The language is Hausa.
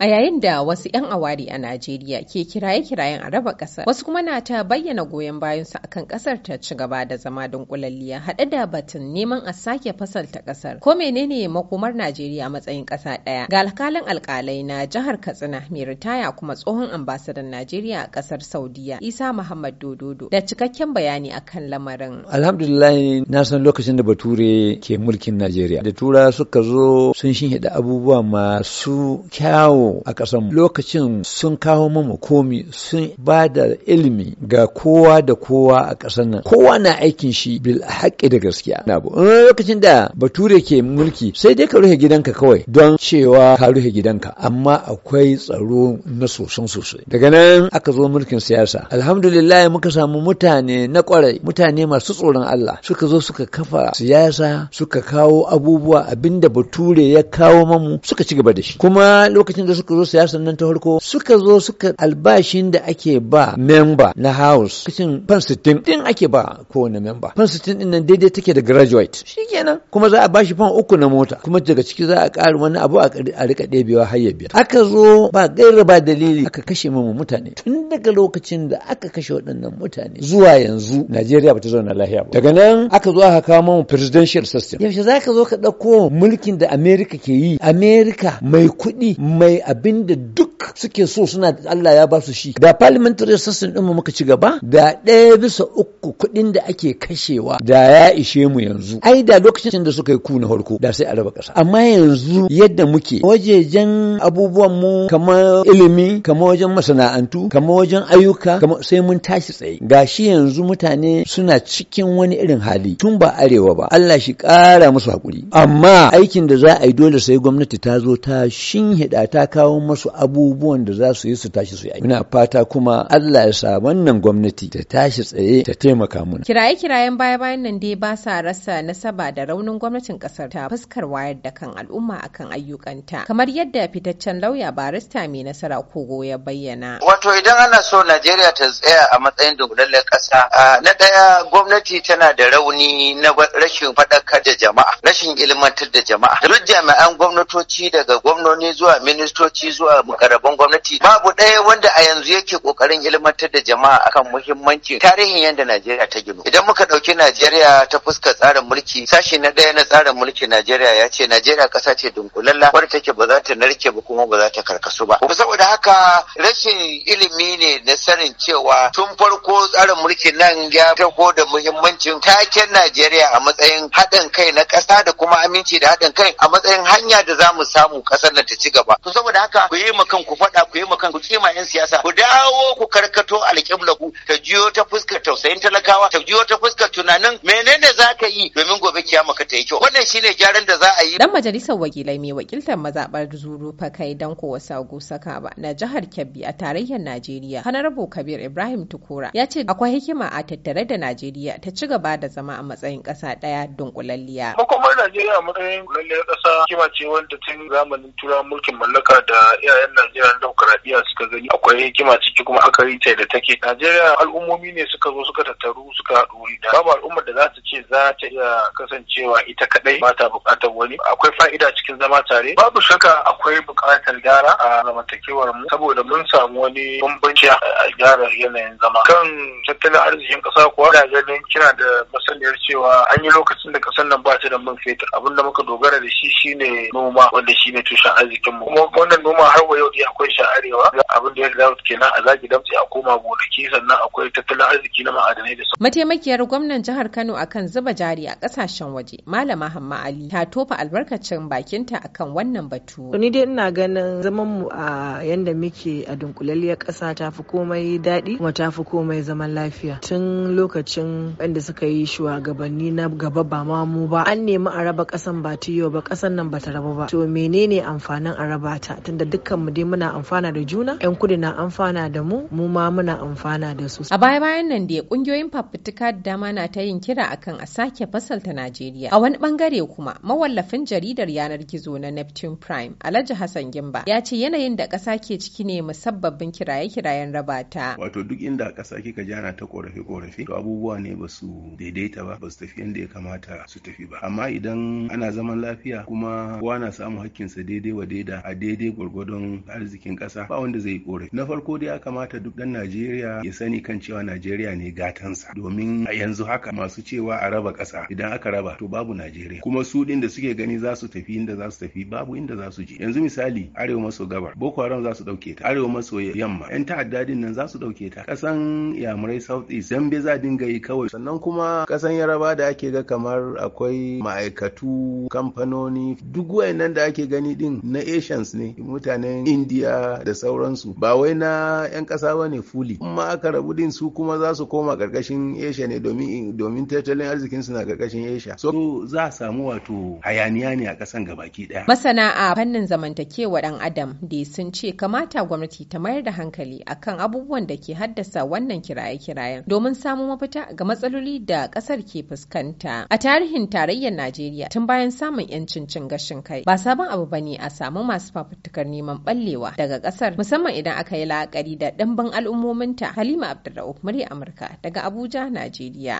A yayin da wasu 'yan awari a Najeriya ke kiraye-kirayen a raba ƙasar, wasu kuma na ta bayyana goyon bayansu akan ƙasar ta ci gaba da zama dunkulalliya haɗe da batun neman a sake fasalta ƙasar. Ko menene makomar Najeriya a matsayin ƙasa ɗaya? Ga alkalin alkalai na jihar Katsina mai ritaya kuma tsohon ambasadan Najeriya a ƙasar Saudiya Isa Muhammad Dododo da cikakken bayani akan lamarin. Alhamdulillah na san lokacin da Bature ke mulkin Najeriya da Tura suka zo sun shinhiɗa abubuwa masu kyawu A a mu. lokacin sun kawo mamu komi sun ba da ilimi ga kowa da kowa a ƙasar nan kowa na aikin shi bil haƙƙi da gaskiya na bu lokacin da bature ke mulki sai dai ka rufe gidanka kawai don cewa ka rufe gidanka amma akwai tsaro na sosai sosai daga nan aka zo mulkin siyasa alhamdulillah muka samu mutane na kwarai mutane masu tsoron Allah suka zo suka kafa siyasa suka kawo abubuwa abinda bature ya kawo mamu suka ci gaba da shi kuma lokacin da suka zo siyasar nan ta farko suka zo suka albashin da ake ba memba na house kacin fan sittin din ake ba kowane memba fan sittin din nan daidai take da graduate shikenan kuma za a bashi fan uku na mota kuma daga ciki za a ƙara wani abu a rika ɗebewa har ya biyar aka zo ba gaira ba dalili aka kashe mu mutane tun daga lokacin da aka kashe waɗannan mutane zuwa yanzu Najeriya ba ta zauna lahiya ba daga nan aka zo aka kawo mu presidential system yaushe za ka zo ka ɗauko mulkin da Amerika ke yi Amerika mai kuɗi mai abin da duk suke so suna Allah ya ba su shi da parliamentary system din mu muka ci gaba da ɗaya bisa uku kuɗin da ake kashewa da ya ishe mu yanzu ai da lokacin da suka yi kuna na farko da sai a raba ƙasa amma yanzu yadda muke wajejen abubuwan mu kamar ilimi kamar wajen masana'antu kamar wajen ayyuka kamar sai mun tashi tsaye gashi yanzu mutane suna cikin wani irin hali tun ba arewa ba Allah shi ƙara musu hakuri amma aikin da za a yi dole sai gwamnati ta zo ta shinhiɗa ta kawo masu abubuwan da za su yi su tashi su yi muna fata kuma Allah ya sa wannan gwamnati ta tashi tsaye ta taimaka mana kiraye-kirayen baya-bayan nan dai ba sa rasa nasaba da raunin gwamnatin kasar ta fuskar wayar da kan al'umma akan ayyukanta kamar yadda fitaccen lauya barista mai nasara kogo ya bayyana wato idan ana so Najeriya ta tsaya a matsayin dungulallen kasa na daya gwamnati tana da rauni na rashin faɗakar da jama'a rashin ilmantar da jama'a duk jami'an gwamnatoci daga gwamnoni zuwa ministoci ministoci zuwa mukarraban gwamnati babu ɗaya wanda a yanzu yake kokarin ilmantar da jama'a akan muhimmanci. tarihin yadda Najeriya ta ginu. Idan muka ɗauki Najeriya ta fuskar tsarin mulki sashi na ɗaya na tsarin mulki Najeriya ya ce Najeriya ƙasa ce dunkulalla wadda take ba za ta narke ba kuma ba za ta karkasu ba. Saboda haka rashin ilimi ne na sanin cewa tun farko tsarin mulki nan ya tako da muhimmancin taken Najeriya a matsayin haɗin kai na ƙasa da kuma aminci da haɗin kai a matsayin hanya da za mu samu ƙasar nan ta ci gaba. saboda haka ku yi ma ku faɗa ku yi ma kanku kima yan siyasa ku dawo ku karkato alƙibla Taujiyo ta fuskar tausayin talakawa ta ta fuskar tunanin menene za ka yi domin gobe kiyama ka ta yi kyau wannan shine gyaran da za a yi dan majalisar wakilai mai wakiltar mazabar zuru fakai dan kowa sago saka ba na jihar Kebbi a tarayyar Najeriya Honorable Kabir Ibrahim Tukura ya ce akwai hikima a tattare da Najeriya ta ci gaba da zama a matsayin ƙasa ɗaya dunkulalliya makomar Najeriya a matsayin kulalliyar ƙasa kima ce wanda tun zamanin tura mulkin mallaka da iyayen Najeriya na suka gani akwai hikima ciki kuma akari ce da take Najeriya al'umma hukumomi ne suka zo suka tattaru suka haɗu da babu al'ummar da za ta ce za ta iya kasancewa ita kaɗai ba ta buƙatar wani akwai fa'ida cikin zama tare babu shaka akwai buƙatar gyara a zamantakewar mu saboda mun samu wani bambanci a gyara yanayin zama kan tattalin arzikin ƙasa kuwa da ganin kina da masaniyar cewa an yi lokacin da ƙasar nan ba ta da man fetur abin da muka dogara da shi shine noma wanda shine tushen arzikin mu kuma wannan noma har wa yau akwai sha'arewa abin da ya riga kenan a zaki damtse a koma gonaki sannan akwai tattalin arziki na ma'adanai da sauran. Mataimakiyar gwamnan jihar Kano akan zuba jari a kasashen waje Malama Hamma Ali ta tofa albarkacin bakinta akan wannan batu. Ni dai ina ganin zaman mu a yanda muke a dunkulaliyar kasa ta fi komai daɗi kuma ta fi komai zaman lafiya. Tun lokacin wanda suka yi shugabanni na gaba ba ma mu ba an nemi a raba ƙasan ba tiyo ba ƙasan nan ba ta raba ba. To menene amfanin a raba ta tunda dukkan mu dai muna amfana da juna 'yan kudu na amfana da mu mu ma muna amfana da su a baya bayan nan da kungiyoyin fafutuka da dama na ta yin kira akan a sake fasalta najeriya a wani bangare kuma mawallafin jaridar yanar gizo na neptune prime alhaji hassan gimba ya ce yanayin da ƙasa ke ciki ne musabbabin kiraye-kirayen raba ta wato duk inda ƙasa kika jana ta korafe-korafe to abubuwa ne ba su daidaita ba ba su tafi yadda ya kamata su tafi ba amma idan ana zaman lafiya kuma kowa na samun hakkinsa daidai wa daida a daidai gwargwadon arzikin ƙasa ba wanda zai zai na farko dai ya kamata duk ɗan najeriya ya sani kan cewa najeriya ne gatansa domin a yanzu haka masu cewa a raba ƙasa idan aka raba to babu najeriya kuma su din da suke gani za su tafi inda za su tafi babu inda za su je yanzu misali arewa maso gabar boko haram za su dauke ta arewa maso yamma yan ta'adda nan za su dauke ta kasan yamurai south east zambe za dinga yi kawai sannan kuma kasan yaraba da ake ga kamar akwai ma'aikatu kamfanoni duk wayannan da ake gani ɗin. na asians ne mutanen india da sauransu su ba wai na 'yan kasa ba ne fuli kuma aka rabu din su kuma za su koma karkashin Asia ne domin tattalin arzikin su na ƙarƙashin Asia so za a samu wato hayaniya ne a ƙasan gabaki ɗaya. Masana a fannin zamantakewa ɗan Adam da sun ce kamata gwamnati ta mayar da hankali akan abubuwan da ke haddasa wannan kiraye-kirayen domin samu mafita ga matsaloli da ƙasar ke fuskanta. A tarihin tarayyar Najeriya tun bayan samun 'yancin cin gashin kai ba sabon abu bane a samu masu fafutukar neman ɓallewa daga ƙasar musamman idan aka yi la'akari da ɗimbin al'ummominta halima abdulra'uf murya amurka daga abuja najeriya